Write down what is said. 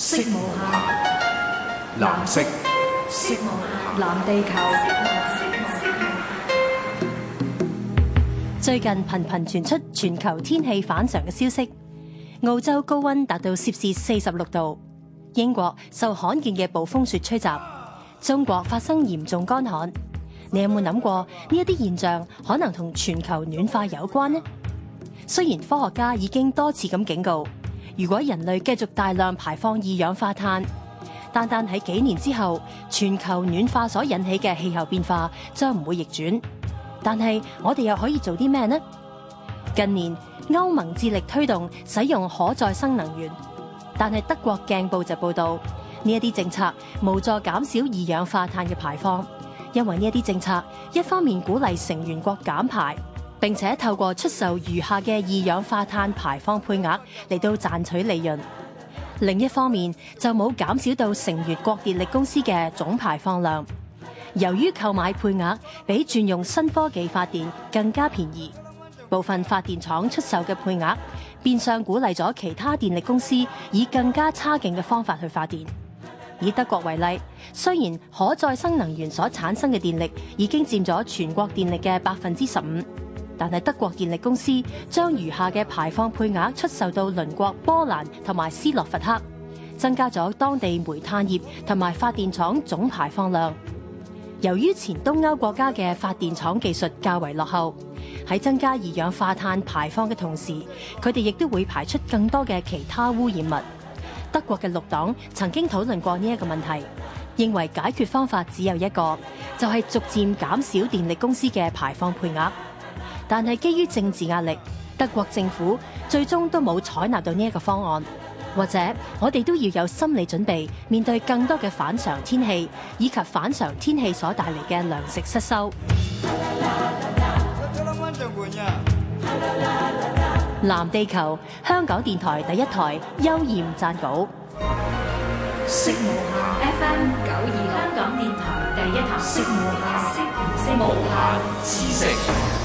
色無暇，下藍，藍色。色無暇，藍地球。最近頻頻傳出全球天氣反常嘅消息，澳洲高温達到攝氏四十六度，英國受罕見嘅暴風雪吹襲，中國發生嚴重乾旱。你有冇諗過呢一啲現象可能同全球暖化有關呢？雖然科學家已經多次咁警告。如果人類繼續大量排放二氧化碳，單單喺幾年之後，全球暖化所引起嘅氣候變化將唔會逆轉。但係我哋又可以做啲咩呢？近年歐盟致力推動使用可再生能源，但係德國鏡報就報道，呢一啲政策無助減少二氧化碳嘅排放，因為呢一啲政策一方面鼓勵成員國減排。並且透過出售餘下嘅二氧化碳排放配額嚟到賺取利潤。另一方面，就冇減少到成員國電力公司嘅總排放量。由於購買配額比轉用新科技發電更加便宜，部分發電廠出售嘅配額變相鼓勵咗其他電力公司以更加差勁嘅方法去發電。以德國為例，雖然可再生能源所產生嘅電力已經佔咗全國電力嘅百分之十五。但係德國電力公司將餘下嘅排放配額出售到鄰國波蘭同埋斯洛伐克，增加咗當地煤炭業同埋發電廠總排放量。由於前東歐國家嘅發電廠技術較為落後，喺增加二氧化碳排放嘅同時，佢哋亦都會排出更多嘅其他污染物。德國嘅綠黨曾經討論過呢一個問題，認為解決方法只有一個，就係、是、逐漸減少電力公司嘅排放配額。但係基於政治壓力，德國政府最終都冇採納到呢一個方案。或者，我哋都要有心理準備，面對更多嘅反常天氣，以及反常天氣所帶嚟嘅糧食失收。藍地球，香港電台第一台，邱焱撰稿。無限 FM 九二，香港電台第一台，無限，知識。